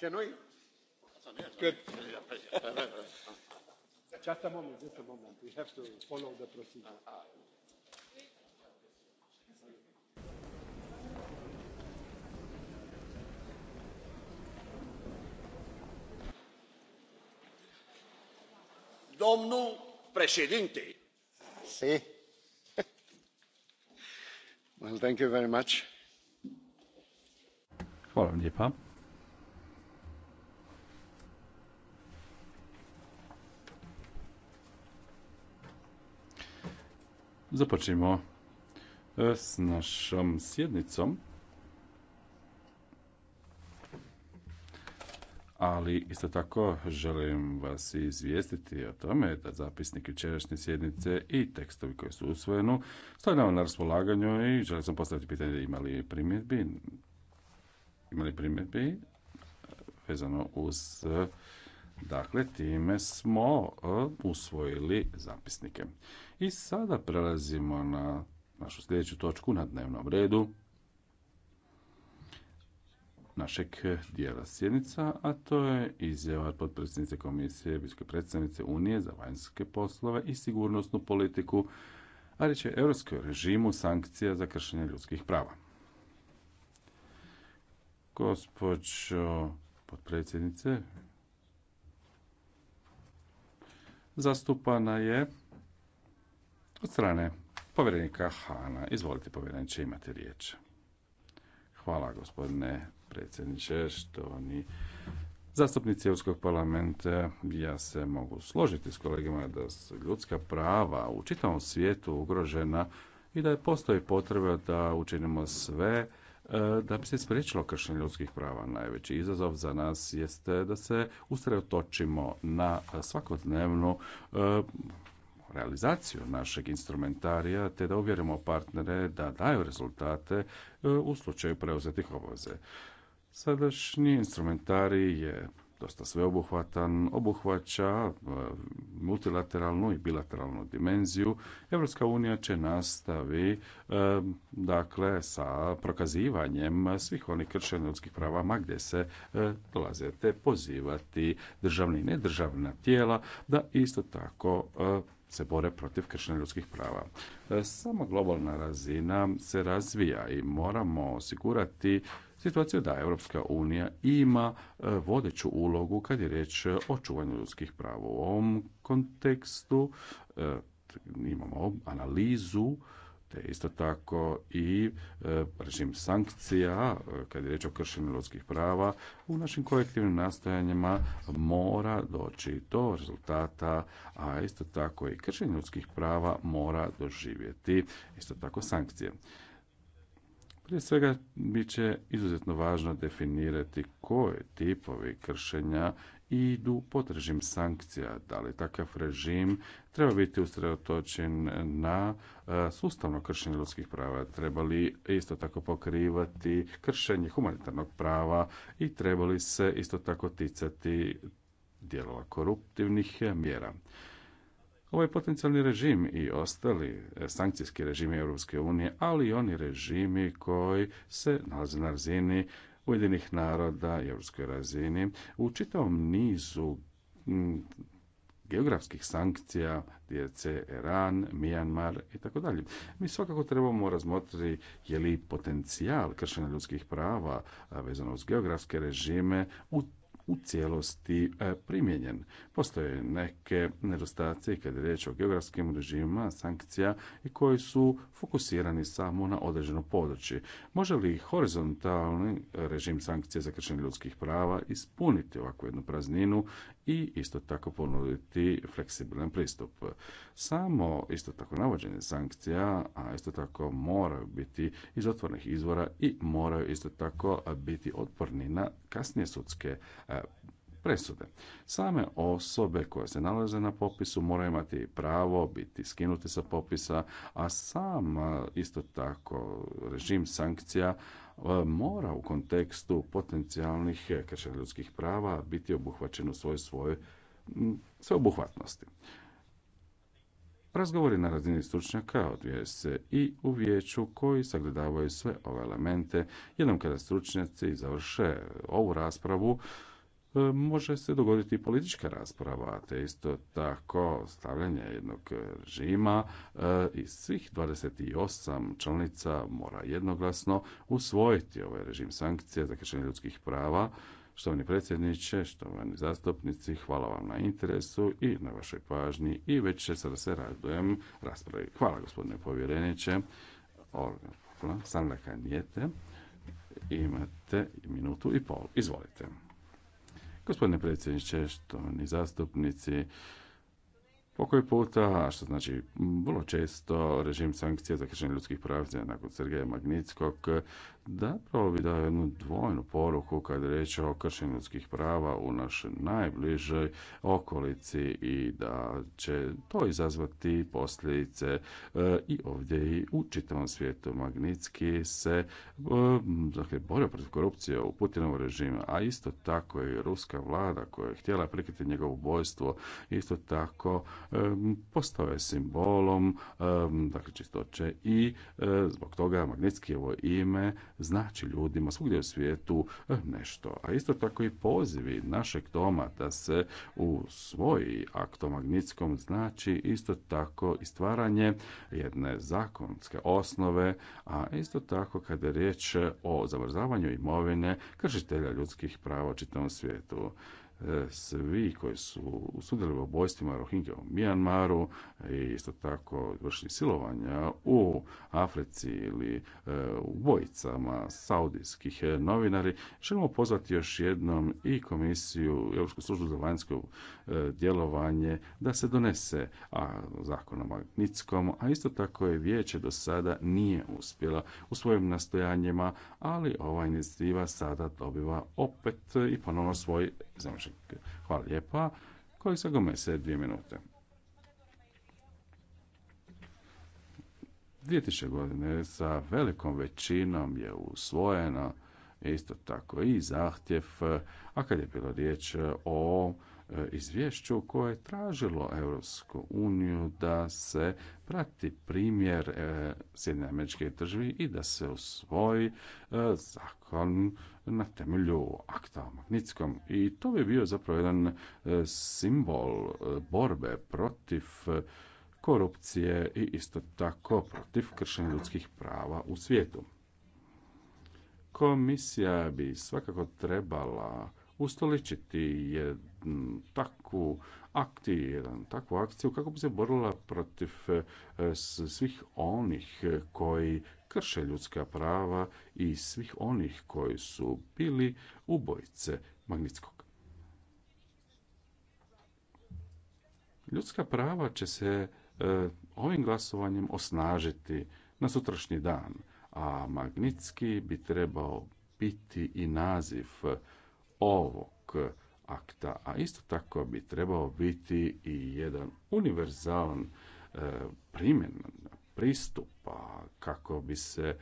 Can we? Good. just a moment, just a moment. We have to follow the procedure. Domnul președinte. well, thank you very much. Hvala vam lijepa. Započnimo e, s našom sjednicom. Ali isto tako želim vas izvijestiti o tome da zapisnik jučerašnje sjednice i tekstovi koji su usvojeni stavljamo na raspolaganju i želim sam postaviti pitanje imali primjedbi imali primjedbi vezano uz Dakle, time smo e, usvojili zapisnike. I sada prelazimo na našu sljedeću točku na dnevnom redu našeg dijela sjednica, a to je izjava potpredsjednice Komisije Visoke predstavnice Unije za vanjske poslove i sigurnosnu politiku, a reći je režimu sankcija za kršenje ljudskih prava. Gospođo potpredsjednice, zastupana je od strane povjerenika Hana. Izvolite povjereniče, imate riječ. Hvala gospodine predsjedniče, oni zastupnici Europskog parlamenta. Ja se mogu složiti s kolegama da su ljudska prava u čitavom svijetu ugrožena i da postoji potreba da učinimo sve E, da bi se spriječilo kršenje ljudskih prava. Najveći izazov za nas jeste da se usredotočimo na svakodnevnu e, realizaciju našeg instrumentarija te da uvjerimo partnere da daju rezultate e, u slučaju preuzetih obaveze. Sadašnji instrumentarij je dosta sveobuhvatan, obuhvaća e, multilateralnu i bilateralnu dimenziju. Evropska unija će nastavi e, dakle sa prokazivanjem svih onih kršenja ljudskih prava gdje se e, dolaze pozivati državni i nedržavna tijela da isto tako se bore protiv kršenja ljudskih prava. Sama globalna razina se razvija i moramo osigurati situaciju da Europska unija ima e, vodeću ulogu kad je riječ o čuvanju ljudskih prava. U ovom kontekstu e, imamo analizu te isto tako i e, režim sankcija kad je reč o kršenju ljudskih prava u našim kolektivnim nastojanjima mora doći do rezultata, a isto tako i kršenje ljudskih prava mora doživjeti isto tako sankcije. Prije svega, bit će izuzetno važno definirati koje tipovi kršenja idu pod režim sankcija. Da li takav režim treba biti usredotočen na e, sustavno kršenje ljudskih prava? Treba li isto tako pokrivati kršenje humanitarnog prava i treba li se isto tako ticati dijelova koruptivnih mjera? ovaj potencijalni režim i ostali e, sankcijski režimi Europske unije, ali i oni režimi koji se nalaze na razini Ujedinih naroda i europskoj razini u čitavom nizu geografskih sankcija, djece, Iran, Mijanmar i tako dalje. Mi svakako trebamo razmotriti je li potencijal kršenja ljudskih prava vezano uz geografske režime u u cijelosti e, primjenjen. Postoje neke nedostaci kada je riječ o geografskim režimima sankcija i koji su fokusirani samo na određeno područje. Može li horizontalni režim sankcija za kršenje ljudskih prava ispuniti ovakvu jednu prazninu i isto tako ponuditi fleksibilan pristup? Samo isto tako navođenje sankcija, a isto tako moraju biti iz otvornih izvora i moraju isto tako biti otporni na kasnije sudske E, presude. Same osobe koje se nalaze na popisu moraju imati pravo biti skinute sa popisa, a sam e, isto tako režim sankcija e, mora u kontekstu potencijalnih kršenja ljudskih prava biti obuhvaćen u svojoj svojoj sveobuhvatnosti. Razgovori na razini stručnjaka odvijaju se i u vijeću koji sagledavaju sve ove elemente. Jednom kada stručnjaci završe ovu raspravu, E, može se dogoditi i politička rasprava, te isto tako stavljanje jednog režima e, Iz svih 28 članica mora jednoglasno usvojiti ovaj režim sankcije za kršenje ljudskih prava. Štovani predsjedniče, štovani zastupnici, hvala vam na interesu i na vašoj pažnji i već će sada se radujem raspravi. Hvala gospodine povjereniče. Organ, kandite, imate minutu i pol. Izvolite. Gospodine predsjedniče, štovani zastupnici, Pokoji puta, što znači vrlo često režim sankcija za kršenje ljudskih prava znači, nakon Sergeja Magnitskog, zapravo bi dao jednu dvojnu poruku kad je riječ o kršenju ljudskih prava u našoj najbližoj okolici i da će to izazvati posljedice e, i ovdje i u čitavom svijetu. Magnitski se e, dakle, borio protiv korupcije u Putinovom režimu, a isto tako i ruska vlada koja je htjela prikriti njegovo ubojstvo, isto tako postao simbolom dakle čistoće i e, zbog toga ovo ime znači ljudima svugdje u svijetu e, nešto. A isto tako i pozivi našeg doma da se u svoji akt znači isto tako i stvaranje jedne zakonske osnove, a isto tako kada je riječ o zavrzavanju imovine kršitelja ljudskih prava u čitavom svijetu svi koji su sudjelovali u ubojstvima Rohingya u Mijanmaru i e, isto tako vršili silovanja u Africi ili e, u bojicama saudijskih novinari. Želimo pozvati još jednom i komisiju Europsku službu za vanjsko e, djelovanje da se donese a, zakon o Magnitskom, a isto tako je vijeće do sada nije uspjela u svojim nastojanjima, ali ova inicijativa sada dobiva opet i ponovno svoj Zemljišnik. Hvala lijepa. Koji se gome se dvije minute? 2000 godine sa velikom većinom je usvojeno isto tako i zahtjev, a kad je bilo riječ o e, izvješću koje je tražilo Europsku uniju da se prati primjer e, Sjedinjene američke države i da se usvoji e, zakon na temelju akta Magnitskom i to bi bio zapravo jedan e, simbol e, borbe protiv e, korupcije i isto tako protiv kršenja ljudskih prava u svijetu. Komisija bi svakako trebala ustoličiti je takvu akciju, jedan takvu akciju kako bi se borila protiv e, svih onih koji krše ljudska prava i svih onih koji su bili ubojice Magnitskog. Ljudska prava će se e, ovim glasovanjem osnažiti na sutrašnji dan, a Magnitski bi trebao biti i naziv ovog akta, a isto tako bi trebao biti i jedan univerzalan e, primjen pristupa kako bi se e,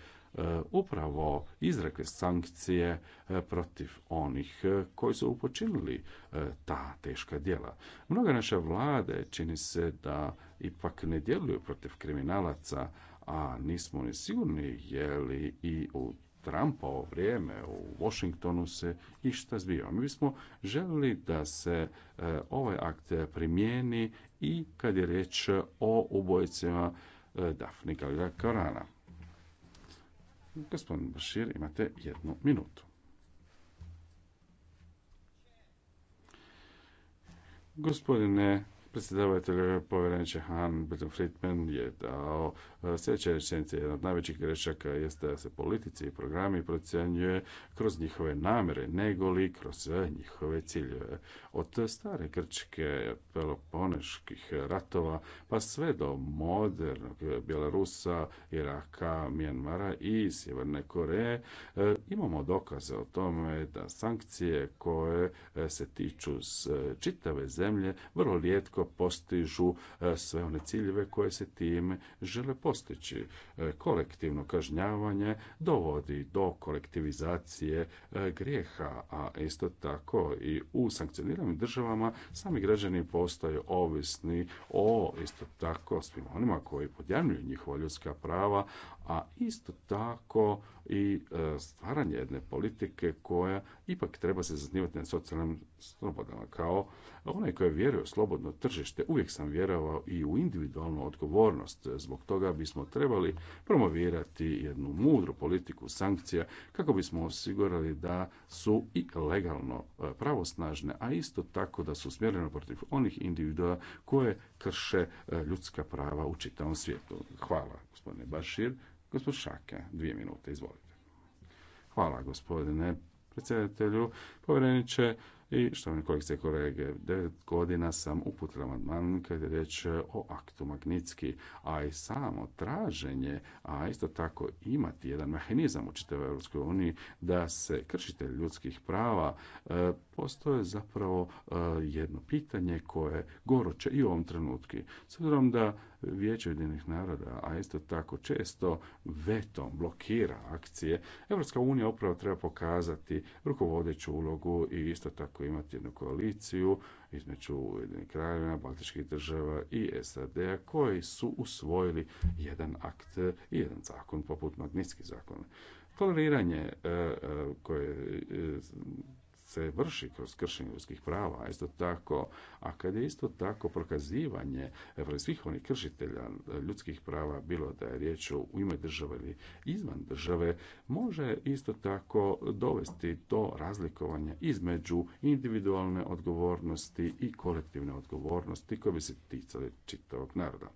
upravo izrekle sankcije e, protiv onih koji su upočinili ta teška djela. Mnoga naše vlade čini se da ipak ne djeluju protiv kriminalaca, a nismo ni sigurni je li i u Trumpa ovo vrijeme u Washingtonu se išta zbio. Mi bismo željeli da se e, ovaj akt primijeni i kad je riječ o ubojicima e, Dafni Karana. Gospodin Bashir, imate jednu minutu. Gospodine predsjedavatelj povjereniče Han Berton Friedman je dao Sljedeća rečenica, jedna od najvećih grešaka jeste da se politici i programi procjenjuje kroz njihove namere, negoli kroz e, njihove ciljeve. Od stare Grčke, Peloponeških ratova, pa sve do modernog Bjelorusa, Iraka, Mijanmara i Sjeverne Koreje, e, imamo dokaze o tome da sankcije koje e, se tiču s čitave zemlje vrlo rijetko postižu sve one ciljeve koje se time žele postići postići. E, kolektivno kažnjavanje dovodi do kolektivizacije e, grijeha, a isto tako i u sankcioniranim državama sami građani postaju ovisni o isto tako svima onima koji podjavljuju njihova ljudska prava, a isto tako i e, stvaranje jedne politike koja ipak treba se zasnivati na socijalnim slobodama. Kao onaj koji vjeruje u slobodno tržište, uvijek sam vjerovao i u individualnu odgovornost. Zbog toga bismo trebali promovirati jednu mudru politiku sankcija kako bismo osigurali da su i legalno e, pravosnažne, a isto tako da su usmjerene protiv onih individua koje krše e, ljudska prava u čitavom svijetu. Hvala gospodine Bašir. Gospod Šake, dvije minute, izvolite. Hvala gospodine predsjedatelju, povjereniče i štovane kolegice i kolege. Devet godina sam uputila amandman kad je riječ o aktu Magnitski, a i samo traženje, a isto tako imati jedan mehanizam u čitavoj Europskoj uniji da se kršite ljudskih prava e, postoje zapravo e, jedno pitanje koje goroće i u ovom trenutku. S obzirom da Vijeća Ujedinjenih naroda, a isto tako često vetom blokira akcije, Europska unija upravo treba pokazati rukovodeću ulogu i isto tako imati jednu koaliciju između Ujedinjenih kraljevina, Baltičkih država i SAD-a koji su usvojili jedan akt i jedan zakon poput Magnitski zakon. Toleriranje e, e, koje e, se vrši kroz kršenje ljudskih prava, a isto tako, a kad je isto tako prokazivanje svih onih kršitelja ljudskih prava, bilo da je riječ o ime države ili izvan države, može isto tako dovesti do razlikovanja između individualne odgovornosti i kolektivne odgovornosti koje bi se ticale čitavog naroda.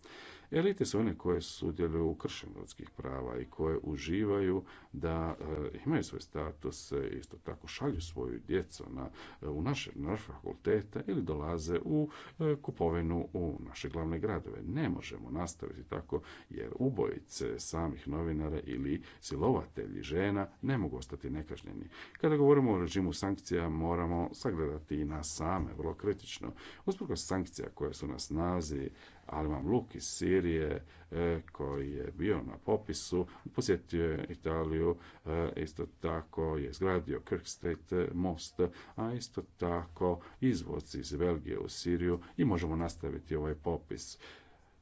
Elite su one koje sudjeluju u kršenju ljudskih prava i koje uživaju da eh, imaju svoj status, isto tako šalju svoju djecu na, eh, u naše, na fakultete ili dolaze u eh, kupovinu u naše glavne gradove. Ne možemo nastaviti tako jer ubojice samih novinara ili silovatelji žena ne mogu ostati nekažnjeni. Kada govorimo o režimu sankcija moramo sagledati i na same vrlo kritično. Usprkos sankcija koje su na snazi vam Luk iz Sirije e, koji je bio na popisu, posjetio je Italiju, e, isto tako je zgradio Kirk State most, a isto tako izvoz iz Belgije u Siriju i možemo nastaviti ovaj popis.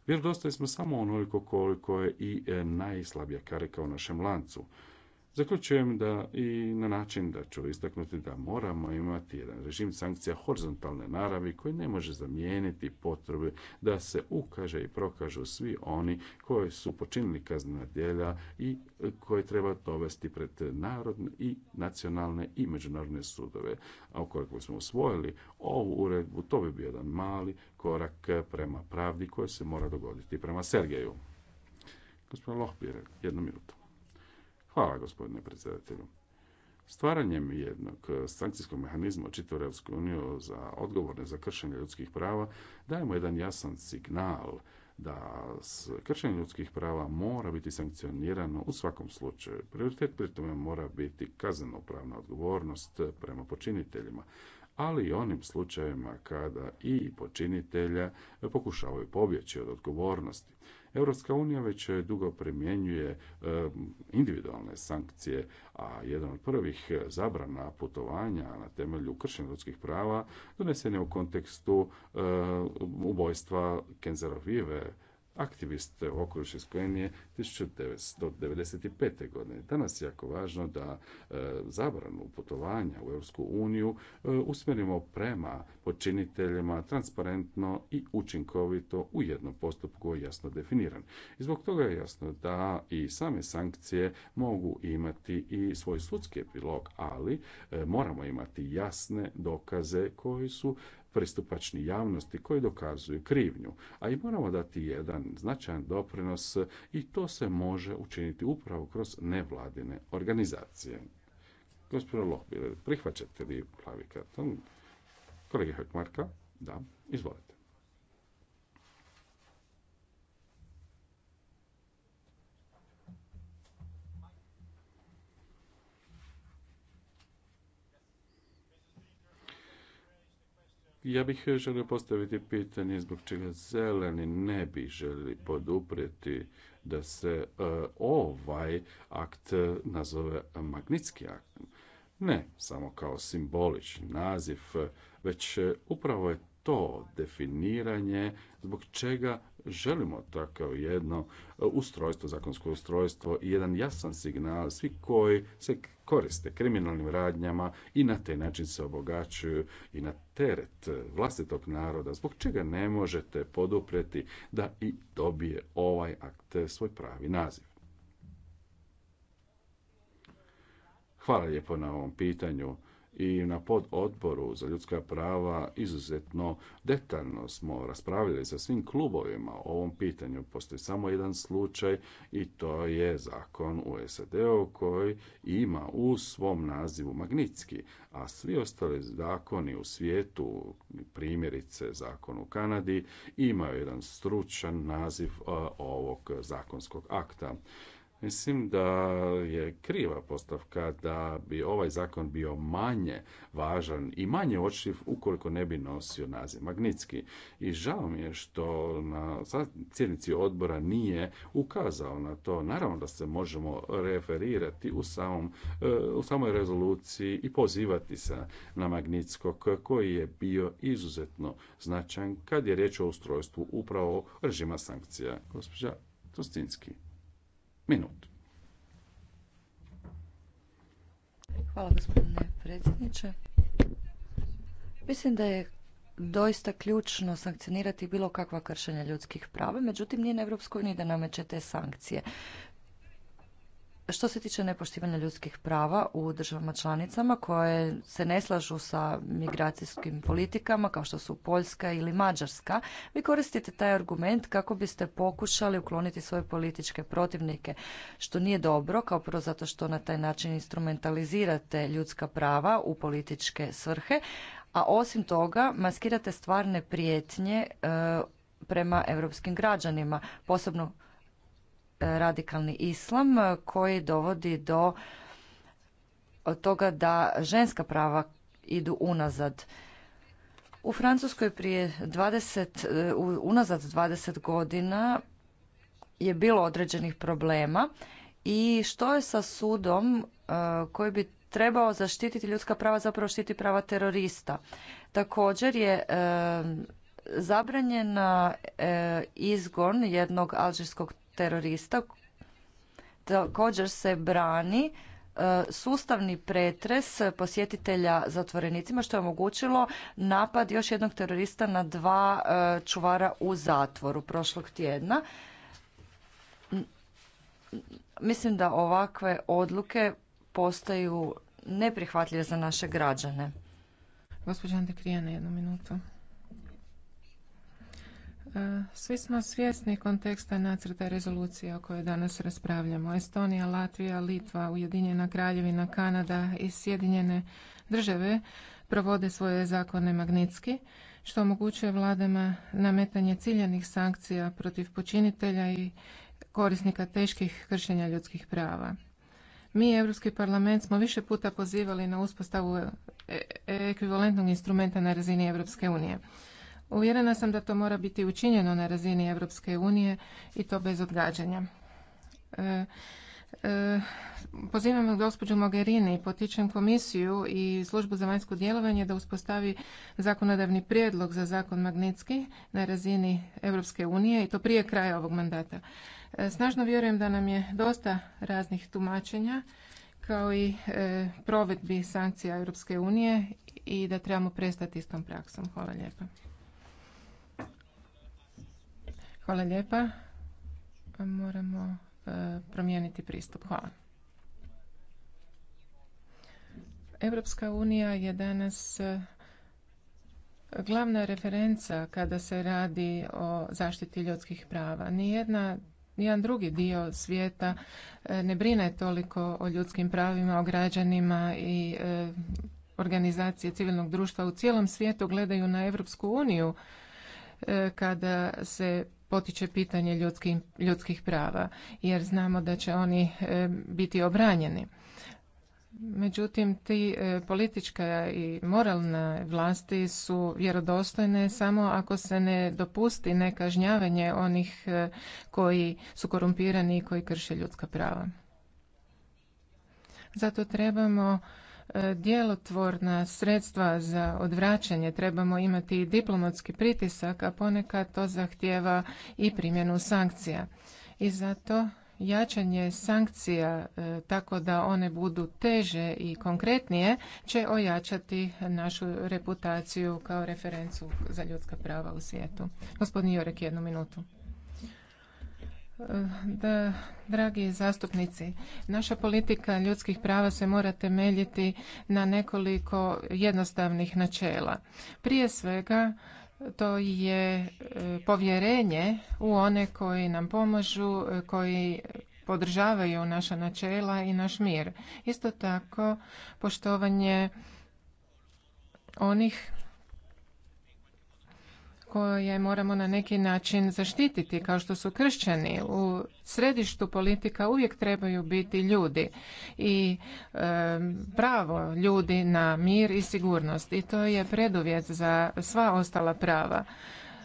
Vjerodostali smo samo onoliko koliko je i e, najslabija karika u našem lancu. Zaključujem da i na način da ću istaknuti da moramo imati jedan režim sankcija horizontalne naravi koji ne može zamijeniti potrebe da se ukaže i prokažu svi oni koji su počinili kaznena djela i koje treba dovesti pred narodne i nacionalne i međunarodne sudove. A ukoliko smo usvojili ovu uredbu, to bi bio jedan mali korak prema pravdi koji se mora dogoditi prema Sergeju. Gospodin Lohbir, jednu minutu. Hvala gospodine predsjedatelju. Stvaranjem jednog e, sankcijskog mehanizma čitav Europsku uniju za odgovorne za kršenje ljudskih prava dajemo jedan jasan signal da kršenje ljudskih prava mora biti sankcionirano u svakom slučaju. Prioritet pri tome mora biti kaznenopravna odgovornost prema počiniteljima, ali i onim slučajevima kada i počinitelja pokušavaju pobjeći od odgovornosti. Europska unija već e, dugo primjenjuje e, individualne sankcije, a jedan od prvih e, zabrana putovanja na temelju kršenja ljudskih prava donesen je u kontekstu ubojstva Kenzerovive aktivist u jedna iz devetsto je 1995. godine. Danas je jako važno da e, zabranu putovanja u Europsku uniju e, usmjerimo prema počiniteljima transparentno i učinkovito u jednom postupku jasno definiran. I zbog toga je jasno da i same sankcije mogu imati i svoj sudski epilog, ali e, moramo imati jasne dokaze koji su pristupačni javnosti koji dokazuju krivnju. A i moramo dati jedan značajan doprinos i to se može učiniti upravo kroz nevladine organizacije. Gospodin Lohbiller, prihvaćate li plavi karton? Kolega Hekmarka, da, izvolite. Ja bih eh, želio postaviti pitanje zbog čega zeleni ne bi želi poduprijeti da se eh, ovaj akt eh, nazove magnitski akt. Ne, samo kao simbolični naziv, već upravo je to definiranje zbog čega želimo takav jedno e, ustrojstvo, zakonsko ustrojstvo i jedan jasan signal svi koji se koriste kriminalnim radnjama i na taj način se obogaćuju i na teret vlastitog naroda, zbog čega ne možete podupreti da i dobije ovaj akt e, svoj pravi naziv. Hvala lijepo na ovom pitanju i na pododboru za ljudska prava izuzetno detaljno smo raspravljali sa svim klubovima o ovom pitanju. Postoji samo jedan slučaj i to je zakon u SAD-u koji ima u svom nazivu Magnitski, a svi ostali zakoni u svijetu, primjerice zakon u Kanadi, imaju jedan stručan naziv ovog zakonskog akta. Mislim da je kriva postavka da bi ovaj zakon bio manje važan i manje očiv ukoliko ne bi nosio naziv Magnitski. I žao mi je što na sjednici odbora nije ukazao na to. Naravno da se možemo referirati u, e, u samoj rezoluciji i pozivati se na Magnitskog koji je bio izuzetno značajan kad je riječ o ustrojstvu upravo režima sankcija. Gospođa Tostinski minut. Hvala gospodine predsjedniče. Mislim da je doista ključno sankcionirati bilo kakva kršenja ljudskih prava, međutim nije na Europskoj uniji da nameće te sankcije. Što se tiče nepoštivanja ljudskih prava u državama članicama koje se ne slažu sa migracijskim politikama kao što su Poljska ili Mađarska, vi koristite taj argument kako biste pokušali ukloniti svoje političke protivnike, što nije dobro, kao prvo zato što na taj način instrumentalizirate ljudska prava u političke svrhe, a osim toga maskirate stvarne prijetnje e, prema europskim građanima, posebno radikalni islam koji dovodi do toga da ženska prava idu unazad. U Francuskoj prije 20, unazad 20 godina je bilo određenih problema i što je sa sudom e, koji bi trebao zaštititi ljudska prava, zapravo štiti prava terorista. Također je e, zabranjena e, izgon jednog alžirskog terorista također se brani e, sustavni pretres posjetitelja zatvorenicima što je omogućilo napad još jednog terorista na dva e, čuvara u zatvoru prošlog tjedna. Mislim da ovakve odluke postaju neprihvatljive za naše građane. Gospođa Dekrijana, jednu minutu. E, svi smo svjesni konteksta nacrta rezolucije o kojoj danas raspravljamo. Estonija, Latvija, Litva, Ujedinjena kraljevina, Kanada i Sjedinjene države provode svoje zakone magnitski, što omogućuje vladama nametanje ciljanih sankcija protiv počinitelja i korisnika teških kršenja ljudskih prava. Mi, Europski parlament, smo više puta pozivali na uspostavu e-, e-, ekvivalentnog instrumenta na razini Europske unije. Uvjerena sam da to mora biti učinjeno na razini Europske unije i to bez odgađanja. E, e, pozivam gospođu Mogherini, potičem komisiju i službu za vanjsko djelovanje da uspostavi zakonodavni prijedlog za zakon Magnitski na razini Europske unije i to prije kraja ovog mandata. E, snažno vjerujem da nam je dosta raznih tumačenja kao i e, provedbi sankcija Europske unije i da trebamo prestati s tom praksom. Hvala lijepa. Hvala lijepa. Moramo e, promijeniti pristup. Hvala. Europska unija je danas e, glavna referenca kada se radi o zaštiti ljudskih prava. Nijedna Nijedan drugi dio svijeta e, ne brine toliko o ljudskim pravima, o građanima i organizacije civilnog društva u cijelom svijetu gledaju na Europsku uniju kada se potiče pitanje ljudskih prava jer znamo da će oni e, biti obranjeni. Međutim, ti e, politička i moralne vlasti su vjerodostojne samo ako se ne dopusti nekažnjavanje onih e, koji su korumpirani i koji krše ljudska prava. Zato trebamo E, djelotvorna sredstva za odvraćanje trebamo imati i diplomatski pritisak, a ponekad to zahtjeva i primjenu sankcija. I zato jačanje sankcija e, tako da one budu teže i konkretnije će ojačati našu reputaciju kao referencu za ljudska prava u svijetu. Gospodin Jorek, jednu minutu. Da, dragi zastupnici, naša politika ljudskih prava se mora temeljiti na nekoliko jednostavnih načela. Prije svega, to je e, povjerenje u one koji nam pomažu, e, koji podržavaju naša načela i naš mir. Isto tako, poštovanje onih koje moramo na neki način zaštititi, kao što su kršćani. U središtu politika uvijek trebaju biti ljudi i pravo ljudi na mir i sigurnost i to je preduvjet za sva ostala prava.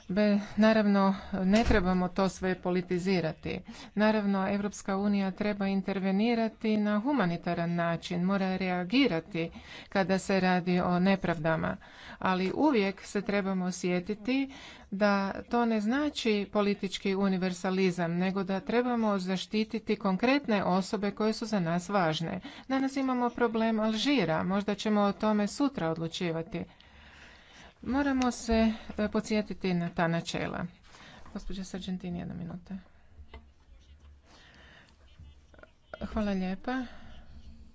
Be, naravno, ne trebamo to sve politizirati. Naravno, Europska unija treba intervenirati na humanitaran način, mora reagirati kada se radi o nepravdama. Ali uvijek se trebamo sjetiti da to ne znači politički universalizam, nego da trebamo zaštititi konkretne osobe koje su za nas važne. Danas imamo problem Alžira, možda ćemo o tome sutra odlučivati. Moramo se e, podsjetiti na ta načela. Gospođa Sargentini, jedna minuta. Hvala lijepa.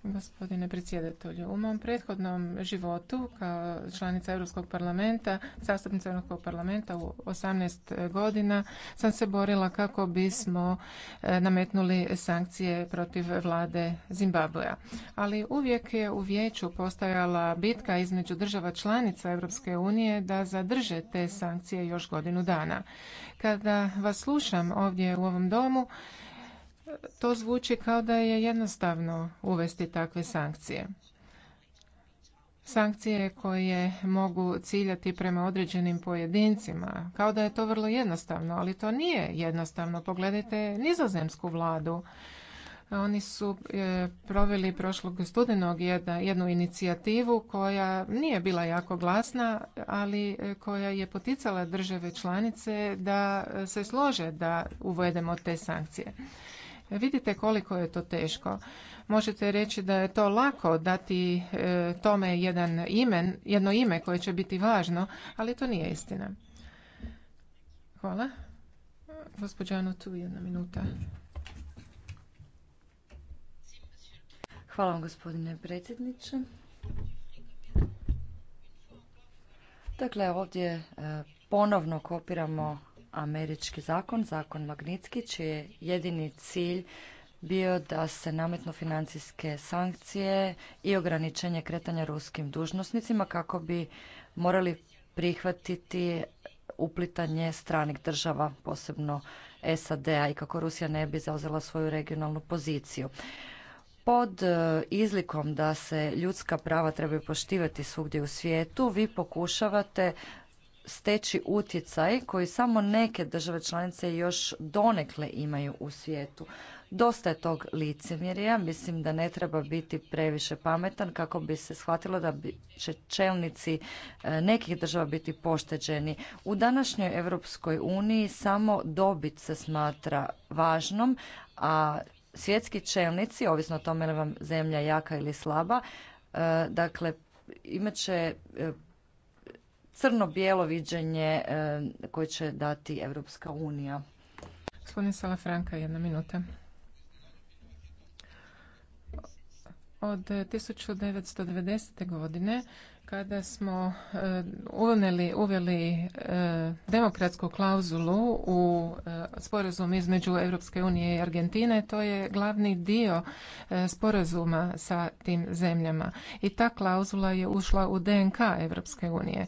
Gospodine predsjedatelju, u mom prethodnom životu kao članica Europskog parlamenta, zastupnica Europskog parlamenta u 18 godina sam se borila kako bismo e, nametnuli sankcije protiv vlade Zimbabvea. Ali uvijek je u vijeću postojala bitka između država članica Europske unije da zadrže te sankcije još godinu dana. Kada vas slušam ovdje u ovom domu, to zvuči kao da je jednostavno uvesti takve sankcije. Sankcije koje mogu ciljati prema određenim pojedincima, kao da je to vrlo jednostavno, ali to nije jednostavno. Pogledajte nizozemsku vladu. Oni su e, proveli prošlog studenog jednu inicijativu koja nije bila jako glasna, ali e, koja je poticala države članice da e, se slože da uvedemo te sankcije. Vidite koliko je to teško. Možete reći da je to lako dati e, tome jedan imen, jedno ime koje će biti važno, ali to nije istina. Hvala. Gospođano, tu jedna minuta. Hvala vam gospodine predsjedniče. Dakle, ovdje e, ponovno kopiramo američki zakon, zakon Magnitski, čiji je jedini cilj bio da se nametnu financijske sankcije i ograničenje kretanja ruskim dužnosnicima kako bi morali prihvatiti uplitanje stranih država, posebno SAD-a i kako Rusija ne bi zauzela svoju regionalnu poziciju. Pod e, izlikom da se ljudska prava trebaju poštivati svugdje u svijetu, vi pokušavate steći utjecaj koji samo neke države članice još donekle imaju u svijetu. Dosta je tog licemjerja, mislim da ne treba biti previše pametan kako bi se shvatilo da će čelnici e, nekih država biti pošteđeni. U današnjoj Europskoj uniji samo dobit se smatra važnom, a svjetski čelnici, ovisno o tome li vam zemlja jaka ili slaba, e, dakle imat će e, crno-bijelo viđenje e, koje će dati Europska unija. Gospodin franka jedna minuta. Od 1990. godine kada smo e, uveli, uveli demokratsku klauzulu u e, sporazum između Europske unije i Argentine, to je glavni dio e, sporazuma sa tim zemljama. I ta klauzula je ušla u DNK Europske unije.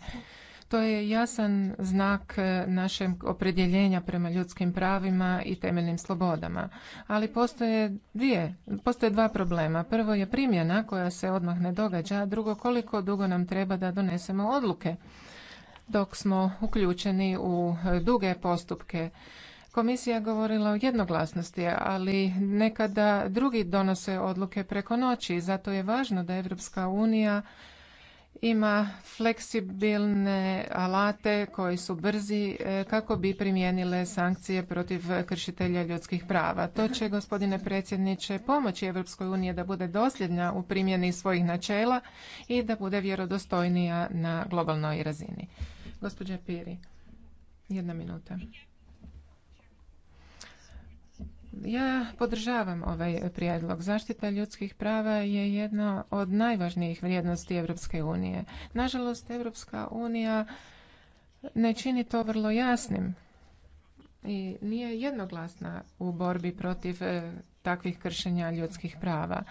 To je jasan znak e, našeg opredjeljenja prema ljudskim pravima i temeljnim slobodama. Ali postoje dvije, postoje dva problema. Prvo je primjena koja se odmah ne događa, drugo koliko dugo nam treba da donesemo odluke dok smo uključeni u e, duge postupke. Komisija govorila o jednoglasnosti, ali nekada drugi donose odluke preko noći, zato je važno da Europska unija ima fleksibilne alate koji su brzi e, kako bi primijenile sankcije protiv kršitelja ljudskih prava. To će, gospodine predsjedniče, pomoći EU da bude dosljedna u primjeni svojih načela i da bude vjerodostojnija na globalnoj razini. Gospođa Piri, jedna minuta. Ja podržavam ovaj prijedlog. Zaštita ljudskih prava je jedna od najvažnijih vrijednosti Europske unije. Nažalost, Europska unija ne čini to vrlo jasnim i nije jednoglasna u borbi protiv eh, takvih kršenja ljudskih prava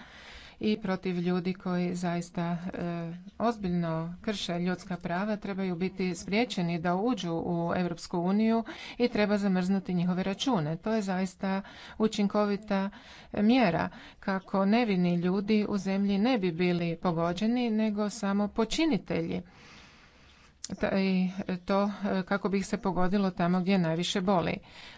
i protiv ljudi koji zaista e, ozbiljno krše ljudska prava trebaju biti spriječeni da uđu u Europsku uniju i treba zamrznuti njihove račune. To je zaista učinkovita mjera kako nevini ljudi u zemlji ne bi bili pogođeni nego samo počinitelji to e, kako bi ih se pogodilo tamo gdje najviše boli.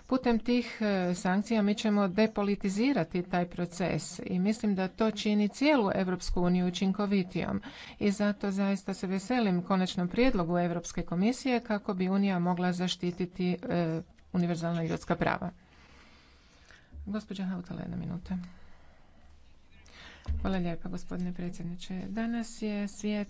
Putem tih e, sankcija mi ćemo depolitizirati taj proces i mislim da to čini cijelu Europsku uniju učinkovitijom i zato zaista se veselim konačnom prijedlogu Europske komisije kako bi unija mogla zaštititi e, univerzalna ljudska prava. Gospođa Hautala, jedna minuta. Hvala lijepa, gospodine predsjedniče. Danas je svijet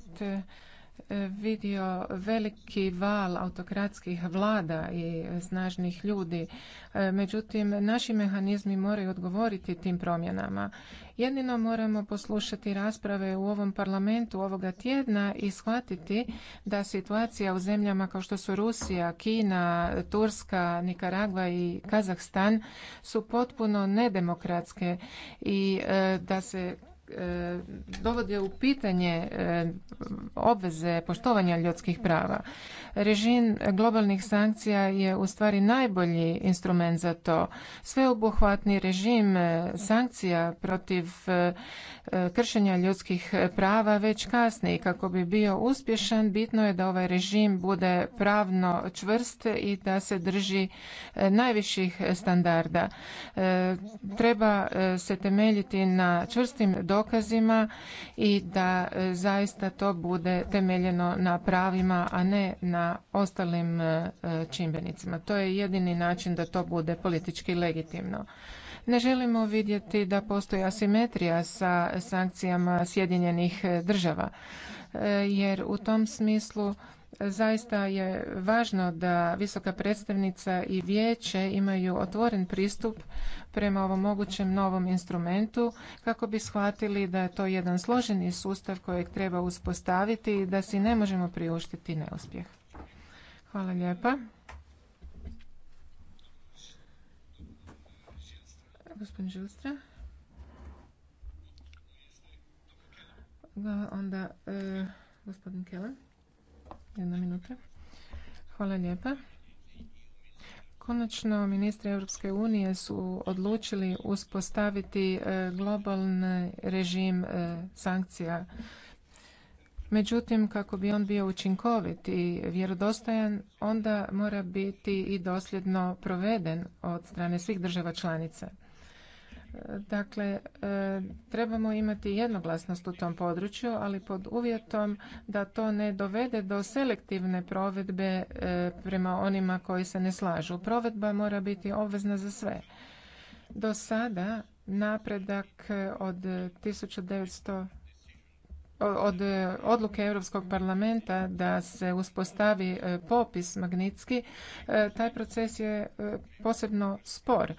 vidio veliki val autokratskih vlada i snažnih ljudi. E, međutim, naši mehanizmi moraju odgovoriti tim promjenama. Jedino moramo poslušati rasprave u ovom parlamentu ovoga tjedna i shvatiti da situacija u zemljama kao što su Rusija, Kina, Turska, Nikaragva i Kazahstan su potpuno nedemokratske i e, da se E, dovode u pitanje e, obveze poštovanja ljudskih prava. Režim globalnih sankcija je u stvari najbolji instrument za to. Sveobuhvatni režim e, sankcija protiv E, kršenja ljudskih prava već kasni. Kako bi bio uspješan, bitno je da ovaj režim bude pravno čvrst i da se drži e, najviših standarda. E, treba se temeljiti na čvrstim dokazima i da zaista to bude temeljeno na pravima, a ne na ostalim čimbenicima. To je jedini način da to bude politički legitimno. Ne želimo vidjeti da postoji asimetrija sa sankcijama Sjedinjenih e, država, e, jer u tom smislu zaista je važno da visoka predstavnica i vijeće imaju otvoren pristup prema ovom mogućem novom instrumentu kako bi shvatili da je to jedan složeni sustav kojeg treba uspostaviti i da si ne možemo priuštiti neuspjeh. Hvala lijepa. Gospodin Žilstra. Onda e, gospodin Keller. Jedna minuta. Hvala lijepa. Konačno ministri Europske unije su odlučili uspostaviti e, globalni režim e, sankcija. Međutim, kako bi on bio učinkovit i vjerodostojan, onda mora biti i dosljedno proveden od strane svih država članica. Dakle, e, trebamo imati jednoglasnost u tom području, ali pod uvjetom da to ne dovede do selektivne provedbe e, prema onima koji se ne slažu. Provedba mora biti obvezna za sve. Do sada napredak od 1900 od odluke Europskog parlamenta da se uspostavi e, popis magnitski, taj proces je posebno spor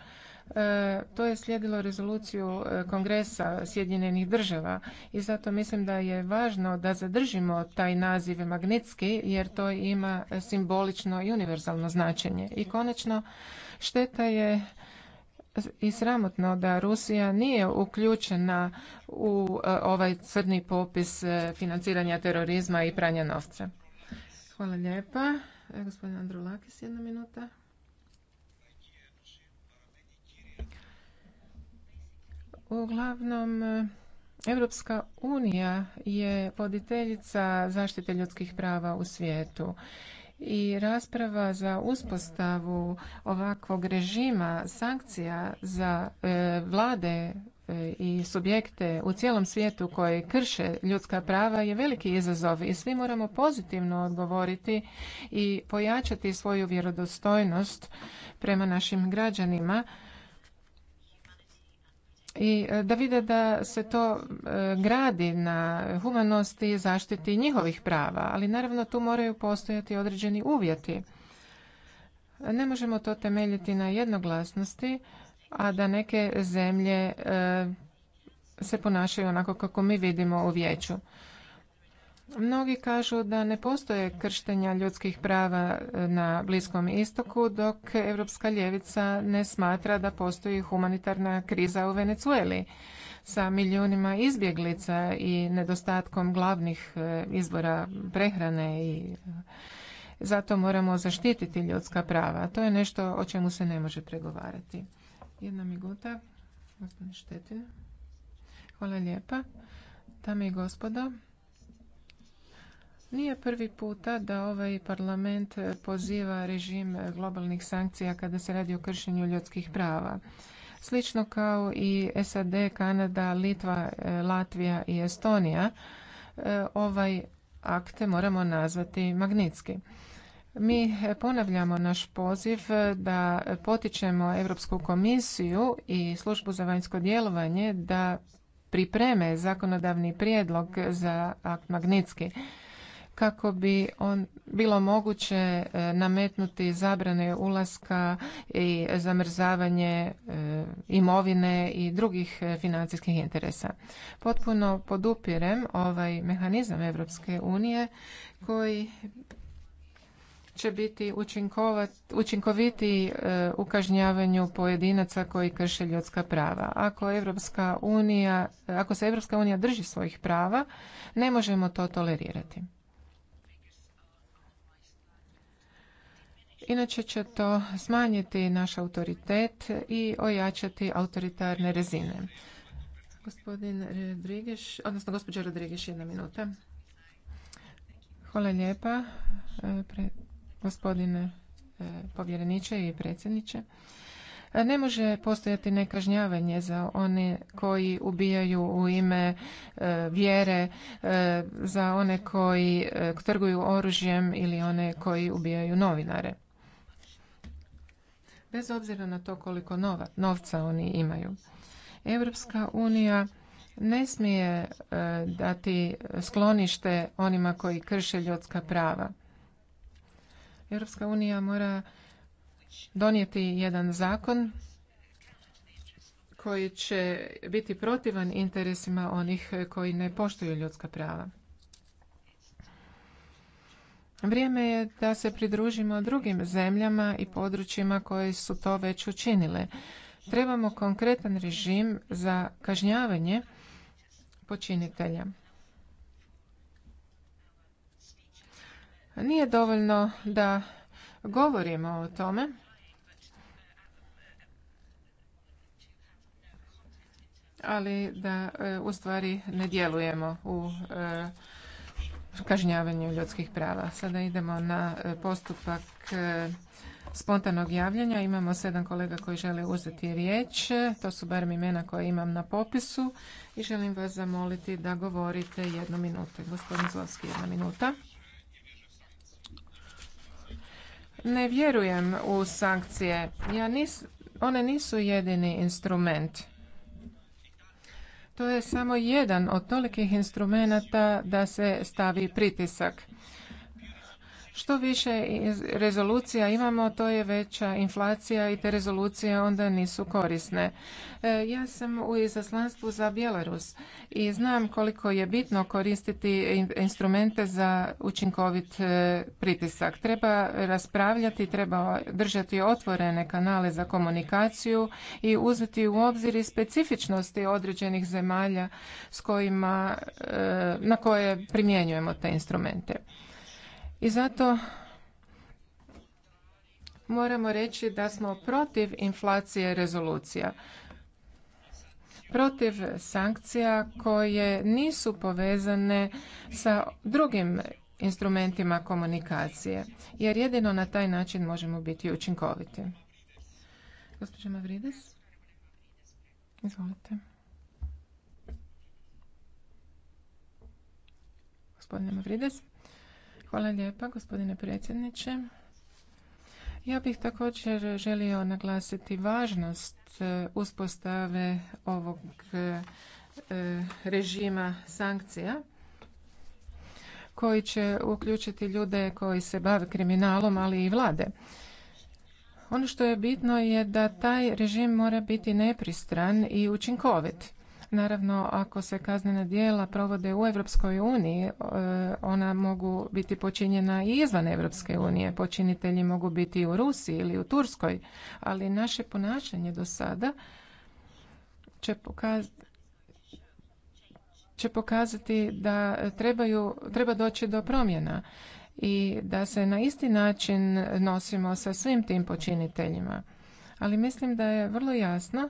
E, to je slijedilo rezoluciju e, Kongresa Sjedinjenih država i zato mislim da je važno da zadržimo taj naziv magnetski jer to ima simbolično i univerzalno značenje. I konačno šteta je i sramotno da Rusija nije uključena u e, ovaj crni popis financiranja terorizma i pranja novca. Hvala lijepa. Gospodin Andrulakis, jedna minuta. Uglavnom, Europska unija je voditeljica zaštite ljudskih prava u svijetu i rasprava za uspostavu ovakvog režima sankcija za e, vlade e, i subjekte u cijelom svijetu koji krše ljudska prava je veliki izazov i svi moramo pozitivno odgovoriti i pojačati svoju vjerodostojnost prema našim građanima i e, da vide da se to e, gradi na humanosti i zaštiti njihovih prava, ali naravno tu moraju postojati određeni uvjeti. Ne možemo to temeljiti na jednoglasnosti, a da neke zemlje e, se ponašaju onako kako mi vidimo u vijeću. Mnogi kažu da ne postoje krštenja ljudskih prava na Bliskom istoku, dok Europska ljevica ne smatra da postoji humanitarna kriza u Venecueli sa milijunima izbjeglica i nedostatkom glavnih e, izbora prehrane i e, zato moramo zaštititi ljudska prava. To je nešto o čemu se ne može pregovarati. Jedna minuta. Hvala lijepa. Dame i gospodo, nije prvi puta da ovaj parlament poziva režim globalnih sankcija kada se radi o kršenju ljudskih prava. Slično kao i SAD, Kanada, Litva, e, Latvija i Estonija, e, ovaj akte moramo nazvati magnitski. Mi ponavljamo naš poziv da potičemo Europsku komisiju i službu za vanjsko djelovanje da pripreme zakonodavni prijedlog za akt magnitski kako bi on bilo moguće e, nametnuti zabrane ulaska i zamrzavanje e, imovine i drugih e, financijskih interesa. Potpuno podupirem ovaj mehanizam Europske unije koji će biti učinkoviti u kažnjavanju pojedinaca koji krše ljudska prava. Ako, Evropska unija, ako se Europska unija drži svojih prava, ne možemo to tolerirati. Inače će to smanjiti naš autoritet i ojačati autoritarne rezine. Gospodin Rodriguez, odnosno gospođa Rodrigiš, jedna minuta. Hvala lijepa, gospodine povjereniče i predsjedniče. Ne može postojati nekažnjavanje za one koji ubijaju u ime e, vjere, e, za one koji e, trguju oružjem ili one koji ubijaju novinare bez obzira na to koliko novca oni imaju. Europska unija ne smije e, dati sklonište onima koji krše ljudska prava. Europska unija mora donijeti jedan zakon koji će biti protivan interesima onih koji ne poštuju ljudska prava. Vrijeme je da se pridružimo drugim zemljama i područjima koje su to već učinile. Trebamo konkretan režim za kažnjavanje počinitelja. Nije dovoljno da govorimo o tome. ali da e, u stvari ne djelujemo u e, kažnjavanju ljudskih prava. Sada idemo na e, postupak e, spontanog javljanja. Imamo sedam kolega koji žele uzeti riječ. To su barem imena koje imam na popisu i želim vas zamoliti da govorite jednu minutu. Gospodin Zlovski, jedna minuta. Ne vjerujem u sankcije. Ja one nisu jedini instrument to je samo jedan od tolikih instrumenata da se stavi pritisak. Što više rezolucija imamo, to je veća inflacija i te rezolucije onda nisu korisne. E, ja sam u izaslanstvu za Bjelarus i znam koliko je bitno koristiti instrumente za učinkovit e, pritisak. Treba raspravljati, treba držati otvorene kanale za komunikaciju i uzeti u obzir i specifičnosti određenih zemalja s kojima, e, na koje primjenjujemo te instrumente. I zato moramo reći da smo protiv inflacije rezolucija protiv sankcija koje nisu povezane sa drugim instrumentima komunikacije jer jedino na taj način možemo biti učinkoviti. Gospođa Mavrides, izvolite. Gospodine Mavrides. Hvala lijepa gospodine predsjedniče. Ja bih također želio naglasiti važnost e, uspostave ovog e, e, režima sankcija koji će uključiti ljude koji se bave kriminalom, ali i vlade. Ono što je bitno je da taj režim mora biti nepristran i učinkovit. Naravno, ako se kaznena djela provode u Europskoj uniji, e, ona mogu biti počinjena i izvan Europske unije. Počinitelji mogu biti i u Rusiji ili u Turskoj, ali naše ponašanje do sada će pokazati će pokazati da trebaju, treba doći do promjena i da se na isti način nosimo sa svim tim počiniteljima. Ali mislim da je vrlo jasno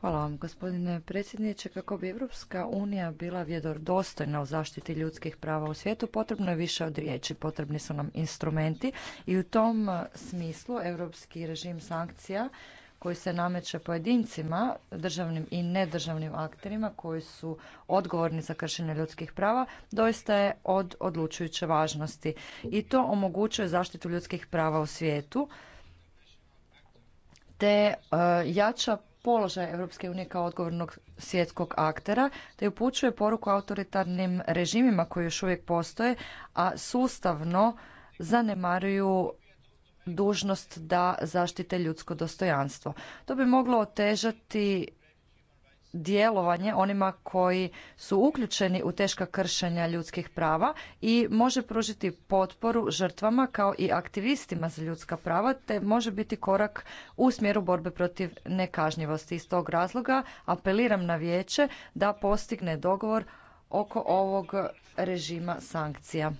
Hvala vam gospodine predsjedniče. Kako bi Europska unija bila vjerodostojna u zaštiti ljudskih prava u svijetu, potrebno je više od riječi, potrebni su nam instrumenti i u tom smislu europski režim sankcija koji se nameće pojedincima, državnim i nedržavnim akterima koji su odgovorni za kršenje ljudskih prava, doista je od odlučujuće važnosti. I to omogućuje zaštitu ljudskih prava u svijetu te e, jača položaj Europske unije kao odgovornog svjetskog aktera, te upućuje poruku autoritarnim režimima koji još uvijek postoje, a sustavno zanemaruju dužnost da zaštite ljudsko dostojanstvo. To bi moglo otežati djelovanje onima koji su uključeni u teška kršenja ljudskih prava i može pružiti potporu žrtvama kao i aktivistima za ljudska prava te može biti korak u smjeru borbe protiv nekažnjivosti. Iz tog razloga apeliram na vijeće da postigne dogovor oko ovog režima sankcija.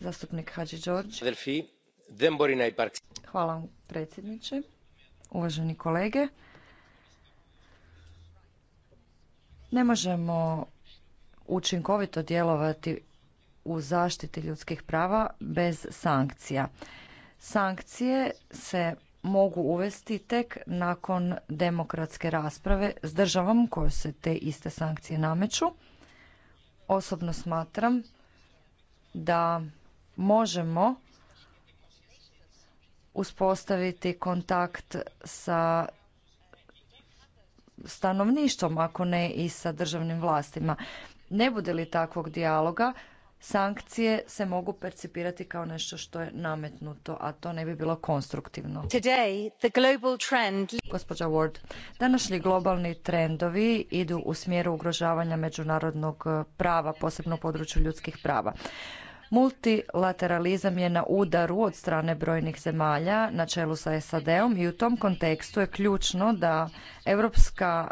Zastupnik Hadži Đorđ. Hvala predsjedniče uvaženi kolege. Ne možemo učinkovito djelovati u zaštiti ljudskih prava bez sankcija. Sankcije se mogu uvesti tek nakon demokratske rasprave s državom kojoj se te iste sankcije nameću. Osobno smatram da možemo uspostaviti kontakt sa stanovništvom, ako ne i sa državnim vlastima. Ne bude li takvog dijaloga, sankcije se mogu percipirati kao nešto što je nametnuto, a to ne bi bilo konstruktivno. Today, the trend... Gospođa Ward, današnji globalni trendovi idu u smjeru ugrožavanja međunarodnog prava, posebno u području ljudskih prava. Multilateralizam je na udaru od strane brojnih zemalja na čelu sa SAD-om i u tom kontekstu je ključno da europska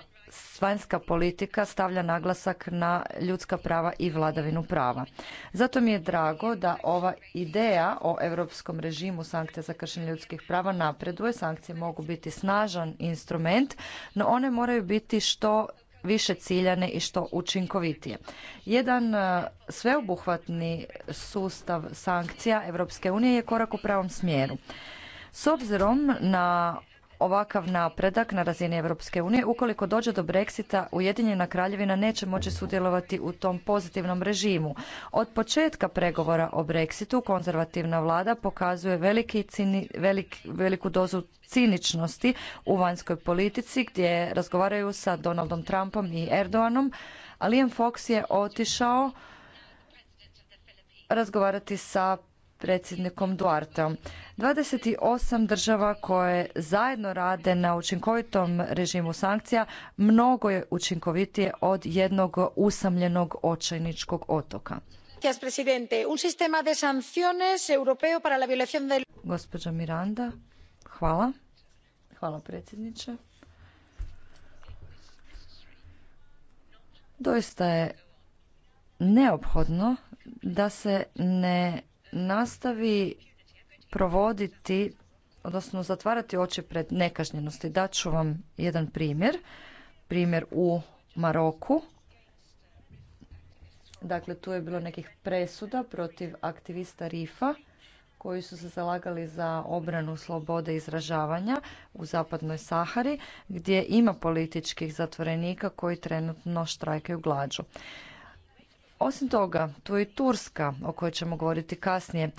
vanjska politika stavlja naglasak na ljudska prava i vladavinu prava. Zato mi je drago da ova ideja o europskom režimu sankcija za kršenje ljudskih prava napreduje. Sankcije mogu biti snažan instrument, no one moraju biti što više ciljane i što učinkovitije. Jedan e, sveobuhvatni sustav sankcija Europske unije je korak u pravom smjeru. S obzirom na ovakav napredak na razini Europske unije, ukoliko dođe do Brexita, Ujedinjena kraljevina neće moći sudjelovati u tom pozitivnom režimu. Od početka pregovora o Brexitu konzervativna vlada pokazuje veliki veliku dozu ciničnosti u vanjskoj politici gdje razgovaraju sa Donaldom Trumpom i Erdoganom, a Liam Fox je otišao razgovarati sa predsjednikom Duarteom. 28 država koje zajedno rade na učinkovitom režimu sankcija mnogo je učinkovitije od jednog usamljenog očajničkog otoka. Gospođa Miranda, hvala. Hvala predsjedniče. Doista je neophodno da se ne nastavi provoditi, odnosno zatvarati oči pred nekažnjenosti. Daću vam jedan primjer. Primjer u Maroku. Dakle, tu je bilo nekih presuda protiv aktivista Rifa koji su se zalagali za obranu slobode izražavanja u zapadnoj Sahari, gdje ima političkih zatvorenika koji trenutno štrajkaju glađu. Osim toga, tu je i Turska, o kojoj ćemo govoriti kasnije.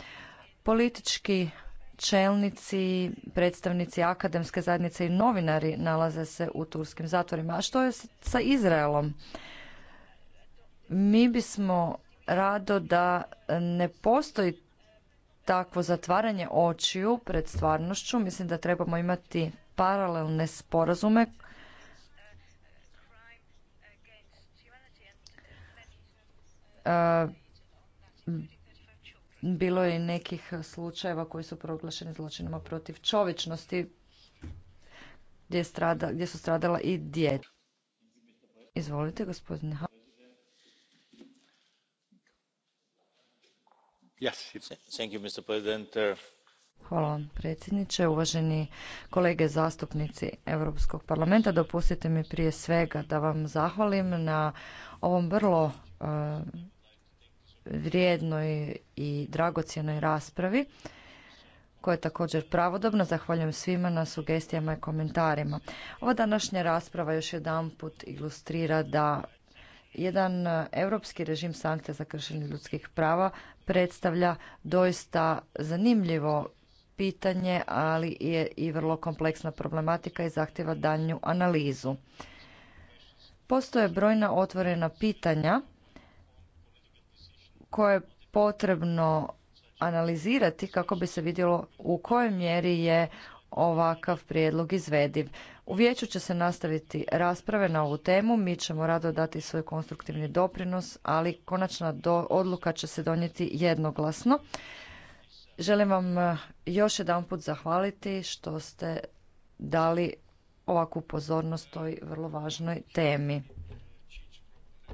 Politički čelnici, predstavnici akademske zajednice i novinari nalaze se u turskim zatvorima. A što je sa Izraelom? Mi bismo rado da ne postoji takvo zatvaranje očiju pred stvarnošću. Mislim da trebamo imati paralelne sporazume E, bilo je i nekih slučajeva koji su proglašeni zločinima protiv čovječnosti gdje, strada, gdje su stradala i djeca. Izvolite, gospodine. Uh, Hvala vam predsjedniče, uvaženi kolege zastupnici Europskog parlamenta. Dopustite mi prije svega da vam zahvalim na ovom vrlo vrijednoj i dragocjenoj raspravi koja je također pravodobna. Zahvaljujem svima na sugestijama i komentarima. Ova današnja rasprava još jedanput ilustrira da jedan europski režim sankcija za kršenje ljudskih prava predstavlja doista zanimljivo pitanje, ali je i vrlo kompleksna problematika i zahtjeva daljnju analizu. Postoje brojna otvorena pitanja koje je potrebno analizirati kako bi se vidjelo u kojoj mjeri je ovakav prijedlog izvediv. U vijeću će se nastaviti rasprave na ovu temu, mi ćemo rado dati svoj konstruktivni doprinos, ali konačna do, odluka će se donijeti jednoglasno. Želim vam eh, još jedanput zahvaliti što ste dali ovakvu pozornost toj vrlo važnoj temi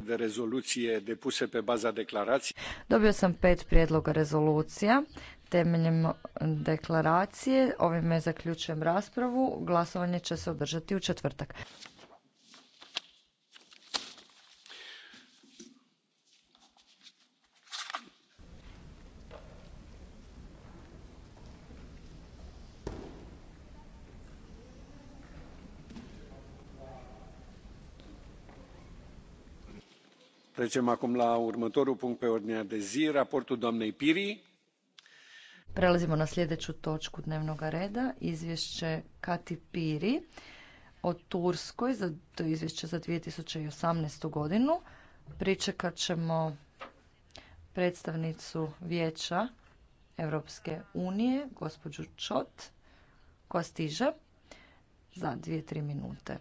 rezolucije depuse pe baza deklaracije. Dobio sam pet prijedloga rezolucija temeljem deklaracije. Ovime zaključujem raspravu. Glasovanje će se održati u četvrtak. Piri. Prelazimo na sljedeću točku dnevnog reda, izvješće Kati Piri o Turskoj, za, to je izvješće za 2018. godinu. Pričekat ćemo predstavnicu vijeća Europske unije, gospođu Čot, koja stiže za dvije, tri minute.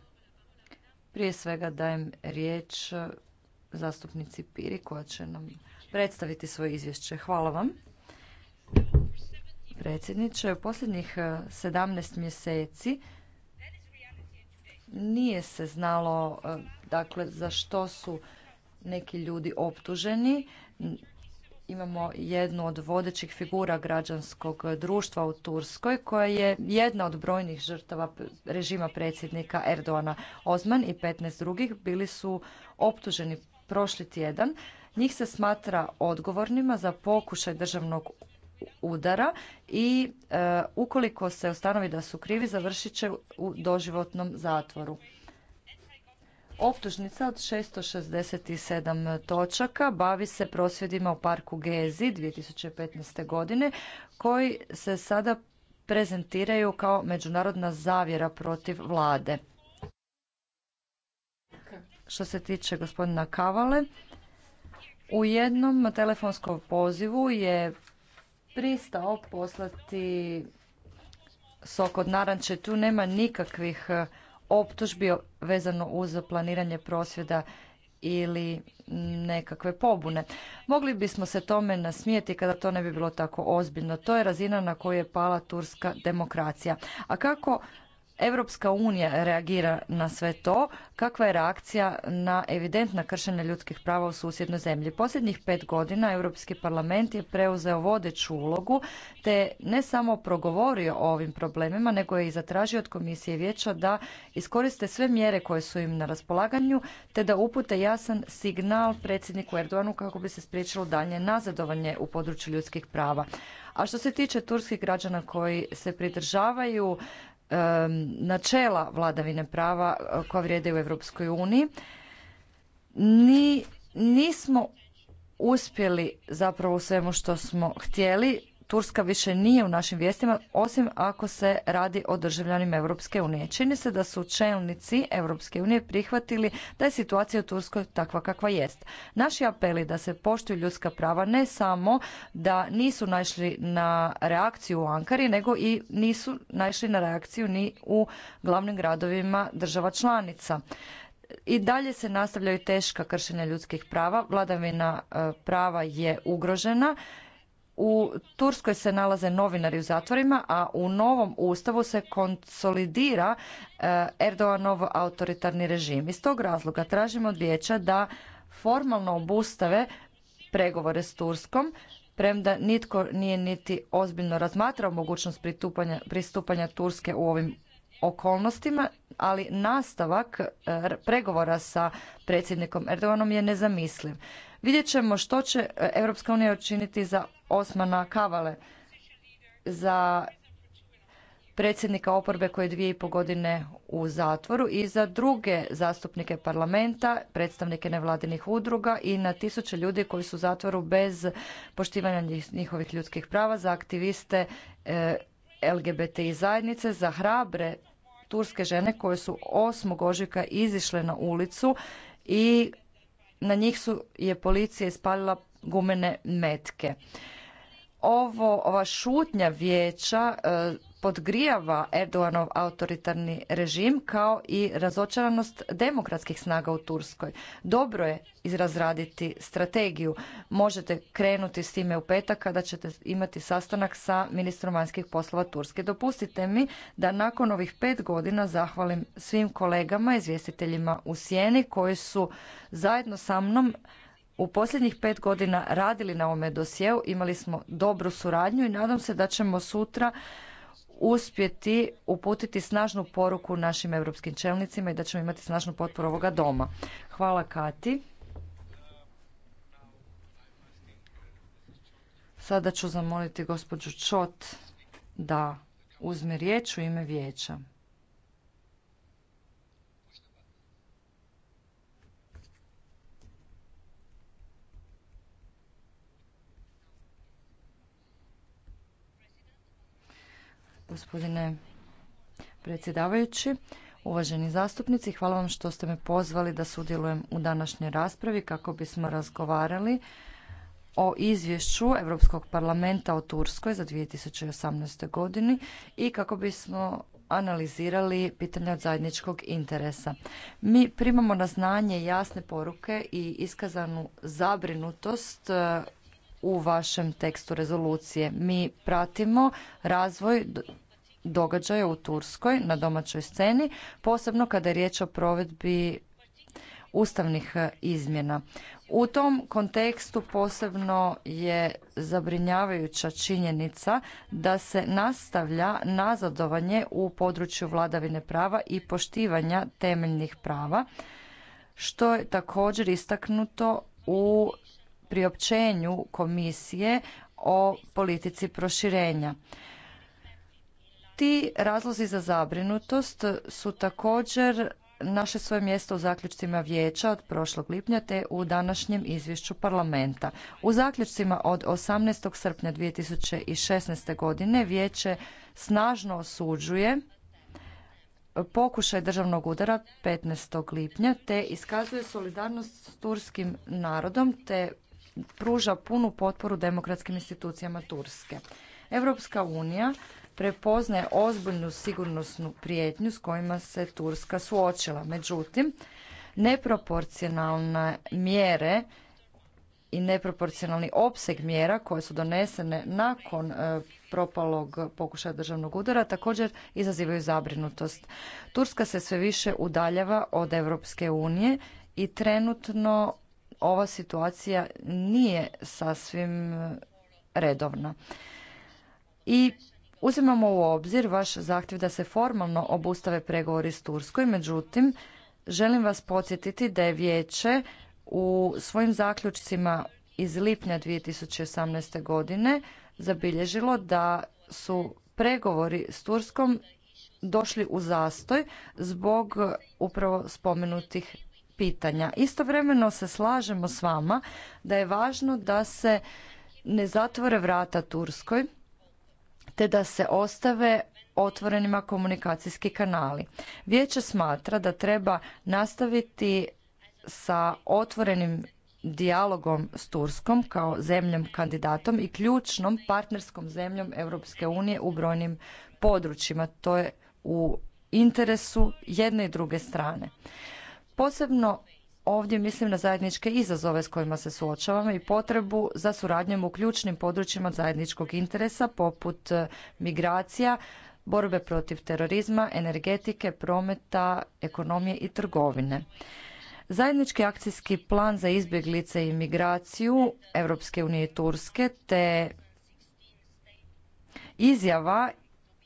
Prije svega dajem riječ zastupnici Piri koja će nam predstaviti svoje izvješće. Hvala vam. Predsjedniče, u posljednjih 17 e, mjeseci nije se znalo e, dakle za što su neki ljudi optuženi. Imamo jednu od vodećih figura građanskog društva u Turskoj koja je jedna od brojnih žrtava režima predsjednika Erdoana. Ozman i 15 drugih bili su optuženi prošli tjedan. Njih se smatra odgovornima za pokušaj državnog udara i e, ukoliko se ustanovi da su krivi završit će u doživotnom zatvoru. Optužnica od 667 točaka bavi se prosvjedima u parku Gezi 2015. godine koji se sada prezentiraju kao međunarodna zavjera protiv vlade što se tiče gospodina Kavale. U jednom telefonskom pozivu je pristao poslati sok od naranče. Tu nema nikakvih e, optužbi vezano uz planiranje prosvjeda ili nekakve pobune. Mogli bismo se tome nasmijeti kada to ne bi bilo tako ozbiljno. To je razina na koju je pala turska demokracija. A kako Europska unija reagira na sve to, kakva je reakcija na evidentna kršenja ljudskih prava u susjednoj zemlji. Posljednjih pet godina Europski parlament je preuzeo vodeću ulogu te ne samo progovorio o ovim problemima, nego je i zatražio od komisije vijeća da iskoriste sve mjere koje su im na raspolaganju te da upute jasan signal predsjedniku Erdoganu kako bi se spriječilo daljnje nazadovanje u području ljudskih prava. A što se tiče turskih građana koji se pridržavaju načela vladavine prava e, koja vrijede u Europskoj uniji. Ni, nismo uspjeli zapravo u svemu što smo htjeli Turska više nije u našim vijestima, osim ako se radi o državljanima Europske unije. Čini se da su čelnici Europske unije prihvatili da je situacija u Turskoj takva kakva jest. Naši apeli da se poštuju ljudska prava ne samo da nisu našli na reakciju u Ankari, nego i nisu našli na reakciju ni u glavnim gradovima država članica. I dalje se nastavljaju teška kršenja ljudskih prava, vladavina e, prava je ugrožena u Turskoj se nalaze novinari u zatvorima, a u novom ustavu se konsolidira eh, Erdoganov autoritarni režim. Iz tog razloga tražimo od vijeća da formalno obustave pregovore s Turskom, premda nitko nije niti ozbiljno razmatrao mogućnost pristupanja Turske u ovim okolnostima, ali nastavak eh, pregovora sa predsjednikom Erdoganom je nezamisliv. Vidjet ćemo što će eh, Europska unija učiniti za Osmana Kavale za predsjednika oporbe koji je dvije i po godine u zatvoru i za druge zastupnike parlamenta, predstavnike nevladinih udruga i na tisuće ljudi koji su u zatvoru bez poštivanja njihovih ljudskih prava, za aktiviste e, LGBTI zajednice, za hrabre turske žene koje su 8. ožujka izišle na ulicu i na njih su je policija ispalila gumene metke. Ovo, ova šutnja vijeća e, podgrijava Erdoganov autoritarni režim kao i razočaranost demokratskih snaga u Turskoj. Dobro je izrazraditi strategiju. Možete krenuti s time u petak kada ćete imati sastanak sa ministrom vanjskih poslova Turske. Dopustite mi da nakon ovih pet godina zahvalim svim kolegama, izvjestiteljima u Sjeni koji su zajedno sa mnom u posljednjih pet godina radili na ovome dosjeu, imali smo dobru suradnju i nadam se da ćemo sutra uspjeti uputiti snažnu poruku našim europskim čelnicima i da ćemo imati snažnu potporu ovoga doma. Hvala Kati. Sada ću zamoliti gospođu Čot da uzme riječ u ime vijeća. gospodine predsjedavajući, uvaženi zastupnici. Hvala vam što ste me pozvali da sudjelujem u današnjoj raspravi kako bismo razgovarali o izvješću Europskog parlamenta o Turskoj za 2018. godini i kako bismo analizirali pitanja od zajedničkog interesa. Mi primamo na znanje jasne poruke i iskazanu zabrinutost e, u vašem tekstu rezolucije. Mi pratimo razvoj događaja u Turskoj na domaćoj sceni, posebno kada je riječ o provedbi ustavnih e, izmjena. U tom kontekstu posebno je zabrinjavajuća činjenica da se nastavlja nazadovanje u području vladavine prava i poštivanja temeljnih prava, što je također istaknuto u priopćenju komisije o politici proširenja. Ti razlozi za zabrinutost su također naše svoje mjesto u zaključcima vijeća od prošlog lipnja te u današnjem izvješću parlamenta. U zaključcima od 18. srpnja 2016. godine vijeće snažno osuđuje pokušaj državnog udara 15. lipnja te iskazuje solidarnost s turskim narodom te pruža punu potporu demokratskim institucijama Turske. Europska unija prepoznaje ozbiljnu sigurnosnu prijetnju s kojima se Turska suočila. Međutim, neproporcionalne mjere i neproporcionalni opseg mjera koje su donesene nakon e, propalog pokušaja državnog udara također izazivaju zabrinutost. Turska se sve više udaljava od Europske unije i trenutno ova situacija nije sasvim e, redovna. I Uzimamo u obzir vaš zahtjev da se formalno obustave pregovori s Turskoj, međutim, želim vas podsjetiti da je vijeće u svojim zaključcima iz lipnja 2018. godine zabilježilo da su pregovori s Turskom došli u zastoj zbog upravo spomenutih pitanja. Istovremeno se slažemo s vama da je važno da se ne zatvore vrata Turskoj te da se ostave otvorenima komunikacijski kanali. Vijeće smatra da treba nastaviti sa otvorenim dijalogom s Turskom kao zemljom kandidatom i ključnom partnerskom zemljom Europske unije u brojnim područjima. To je u interesu jedne i druge strane. Posebno Ovdje mislim na zajedničke izazove s kojima se suočavamo i potrebu za suradnjom u ključnim područjima zajedničkog interesa poput e, migracija, borbe protiv terorizma, energetike, prometa, ekonomije i trgovine. Zajednički akcijski plan za izbjeglice i migraciju Europske unije i Turske te izjava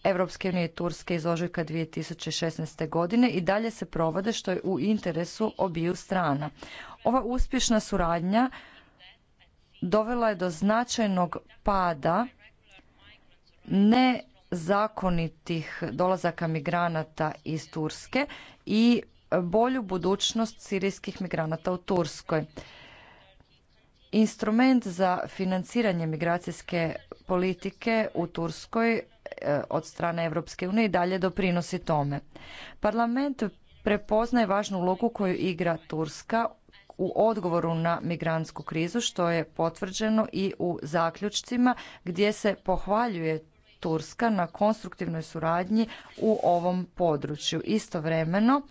Europske unije i Turske iz ožujka 2016. godine i dalje se provode što je u interesu obiju strana. Ova uspješna suradnja dovela je do značajnog pada nezakonitih dolazaka migranata iz Turske i bolju budućnost sirijskih migranata u Turskoj. Instrument za financiranje migracijske politike u Turskoj E, od strane Europske unije i dalje doprinosi tome. Parlament prepoznaje važnu ulogu koju igra Turska u odgovoru na migrantsku krizu što je potvrđeno i u zaključcima gdje se pohvaljuje Turska na konstruktivnoj suradnji u ovom području. Istovremeno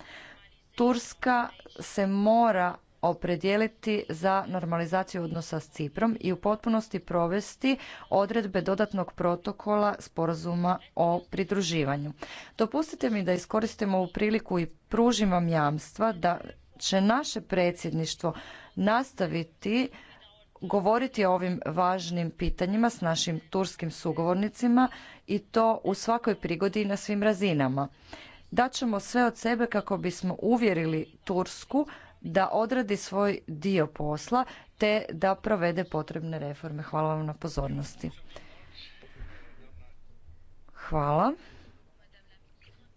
Turska se mora opredijeliti za normalizaciju odnosa s Ciprom i u potpunosti provesti odredbe dodatnog protokola sporazuma o pridruživanju. Dopustite mi da iskoristim ovu priliku i pružim vam jamstva da će naše predsjedništvo nastaviti govoriti o ovim važnim pitanjima s našim turskim sugovornicima i to u svakoj prigodi i na svim razinama. Daćemo sve od sebe kako bismo uvjerili Tursku da odradi svoj dio posla te da provede potrebne reforme. Hvala vam na pozornosti. Hvala.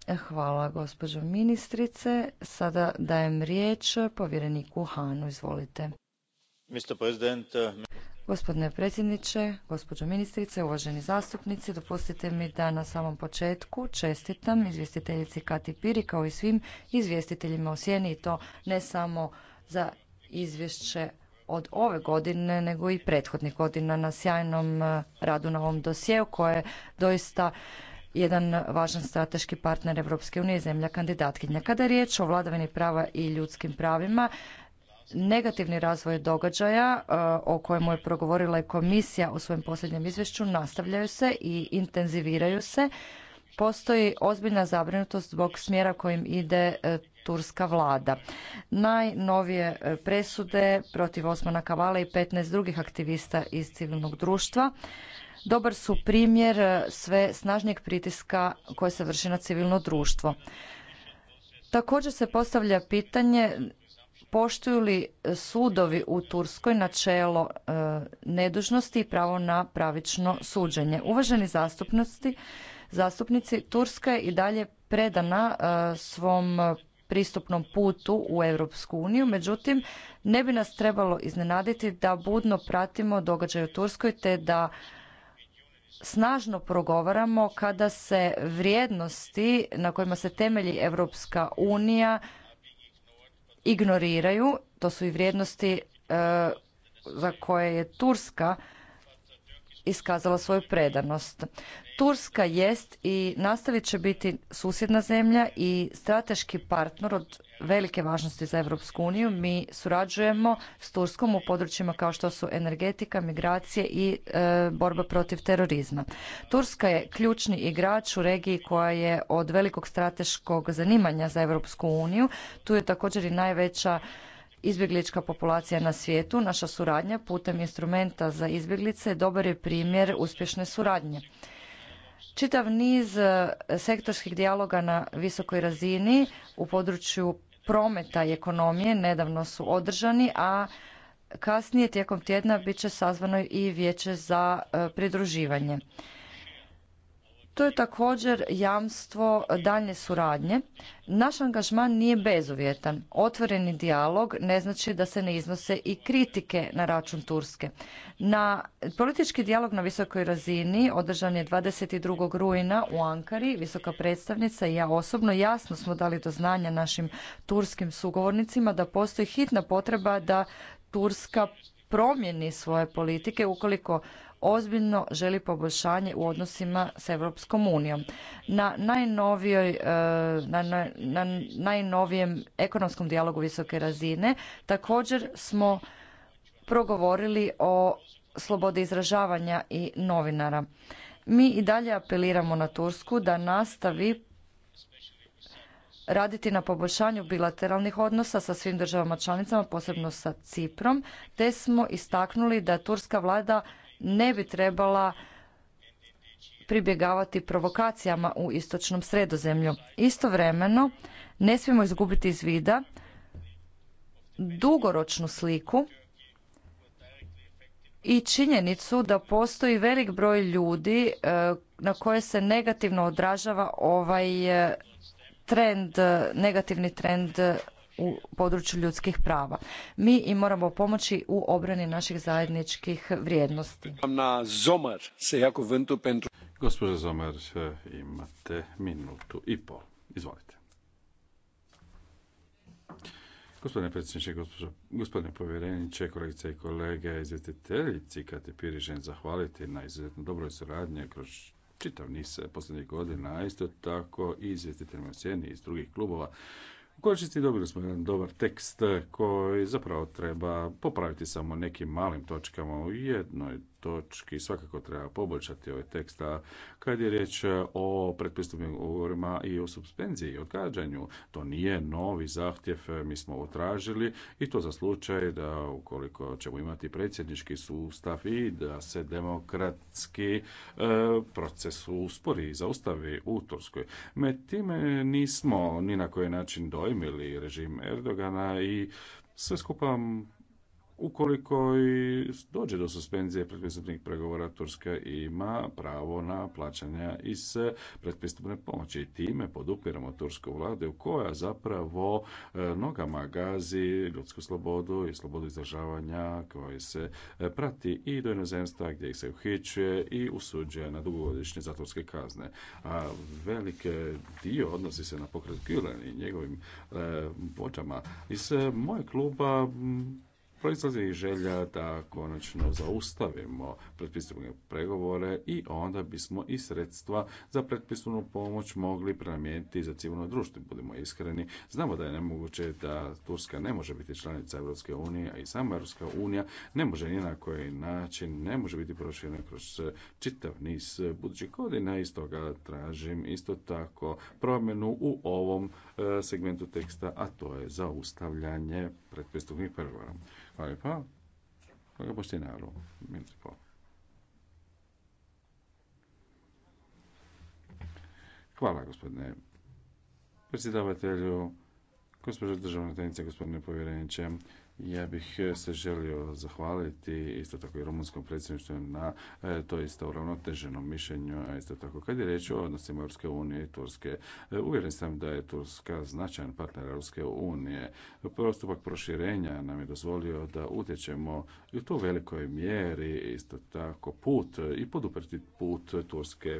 E, hvala gospođo ministrice. Sada dajem riječ povjereniku Hanu. Izvolite. Mr. Gospodine predsjedniče, gospođo ministrice, uvaženi zastupnici, dopustite mi da na samom početku čestitam izvjestiteljici Kati Piri kao i svim izvjestiteljima u Sjeni i to ne samo za izvješće od ove godine nego i prethodnih godina na sjajnom e, radu na ovom dosjeu koje je doista jedan važan strateški partner Europske unije zemlja kandidatkinja. Kada je riječ o vladavini prava i ljudskim pravima, Negativni razvoj događaja e, o kojemu je progovorila i komisija u svojem posljednjem izvješću nastavljaju se i intenziviraju se. Postoji ozbiljna zabrinutost zbog smjera kojim ide e, turska vlada. Najnovije e, presude protiv Osmana Kavala i 15 drugih aktivista iz civilnog društva dobar su primjer sve snažnijeg pritiska koje se vrši na civilno društvo. Također se postavlja pitanje poštuju li sudovi u Turskoj načelo e, nedužnosti i pravo na pravično suđenje. Uvaženi zastupnici, zastupnici Turska je i dalje predana e, svom pristupnom putu u Europsku uniju, međutim ne bi nas trebalo iznenaditi da budno pratimo događaje u Turskoj te da snažno progovaramo kada se vrijednosti na kojima se temelji Europska unija ignoriraju, to su i vrijednosti e, za koje je Turska iskazala svoju predanost. Turska jest i nastavit će biti susjedna zemlja i strateški partner od velike važnosti za Europsku uniju. Mi surađujemo s Turskom u područjima kao što su energetika, migracije i e, borba protiv terorizma. Turska je ključni igrač u regiji koja je od velikog strateškog zanimanja za Europsku uniju. Tu je također i najveća izbjeglička populacija na svijetu. Naša suradnja putem instrumenta za izbjeglice dobar je primjer uspješne suradnje. Čitav niz e, sektorskih dijaloga na visokoj razini u području prometa i ekonomije nedavno su održani, a kasnije tijekom tjedna bit će sazvano i vijeće za e, pridruživanje. To je također jamstvo daljnje suradnje. Naš angažman nije bezuvjetan. Otvoreni dijalog ne znači da se ne iznose i kritike na račun Turske. Na politički dijalog na visokoj razini održan je 22. rujna u Ankari. Visoka predstavnica i ja osobno jasno smo dali do znanja našim turskim sugovornicima da postoji hitna potreba da Turska promjeni svoje politike ukoliko ozbiljno želi poboljšanje u odnosima s Europskom unijom. Na, najnovijoj, e, na, najnovijem ekonomskom dijalogu visoke razine također smo progovorili o slobodi izražavanja i novinara. Mi i dalje apeliramo na Tursku da nastavi raditi na poboljšanju bilateralnih odnosa sa svim državama članicama, posebno sa Ciprom, te smo istaknuli da turska vlada ne bi trebala pribjegavati provokacijama u istočnom sredozemlju. Istovremeno, ne smijemo izgubiti iz vida dugoročnu sliku i činjenicu da postoji velik broj ljudi e, na koje se negativno odražava ovaj e, trend, negativni trend u području ljudskih prava. Mi im moramo pomoći u obrani naših zajedničkih vrijednosti. Na Zomar se jako vntu Zomar, imate minutu i pol. Izvolite. Gospodine predsjedniče, gospodine povjereniče, kolegice i kolege, izvjetiteljici je Pirižen zahvaliti na izuzetno dobroj suradnji kroz čitav niz e, posljednjih godina, a isto tako i izvjestiteljima sjeni iz drugih klubova. U konačnici dobili smo jedan dobar tekst koji zapravo treba popraviti samo nekim malim točkama u jednoj točki svakako treba poboljšati ovaj tekst, a kad je riječ o pretpristupnim ugovorima i o suspenziji i odgađanju, to nije novi zahtjev, mi smo ovo tražili i to za slučaj da ukoliko ćemo imati predsjednički sustav i da se demokratski e, proces uspori i zaustavi u Turskoj. Me time nismo ni na koji način dojmili režim Erdogana i sve skupam Ukoliko i dođe do suspenzije pretpristupnih pregovora, Turska ima pravo na plaćanja iz eh, pretpristupne pomoći. Time podupiramo tursku vladu koja zapravo eh, nogama gazi ljudsku slobodu i slobodu izražavanja koji se eh, prati i do inozemstva gdje ih se uhićuje i usuđuje na dugogodišnje zatvorske kazne. A velike dio odnosi se na pokret Gülen i njegovim vođama. Iz moje kluba mm, proizlazi i želja da konačno zaustavimo pretpristupne pregovore i onda bismo i sredstva za pretpristupnu pomoć mogli prenamijeniti za civilno društvo. Budimo iskreni, znamo da je nemoguće da Turska ne može biti članica Europske unije, a i sama Europska unija ne može ni na koji način, ne može biti proširena kroz čitav niz budućih godina i stoga tražim isto tako promjenu u ovom E, segmentu teksta, a to je zaustavljanje pretpristupnih pregovora. Hvala lijepa. Kolega Boštinaru, i Hvala, gospodine predsjedavatelju, gospođo državna tajnice, gospodine povjereniče. Ja bih e, se želio zahvaliti isto tako i rumunskom predsjedništvu na e, to isto uravnoteženom mišljenju, a isto tako kad je riječ o odnosima Europske unije i Turske. E, uvjeren sam da je Turska značajan partner Europske unije. Prostupak proširenja nam je dozvolio da utječemo i u to velikoj mjeri isto tako put i poduprti put Turske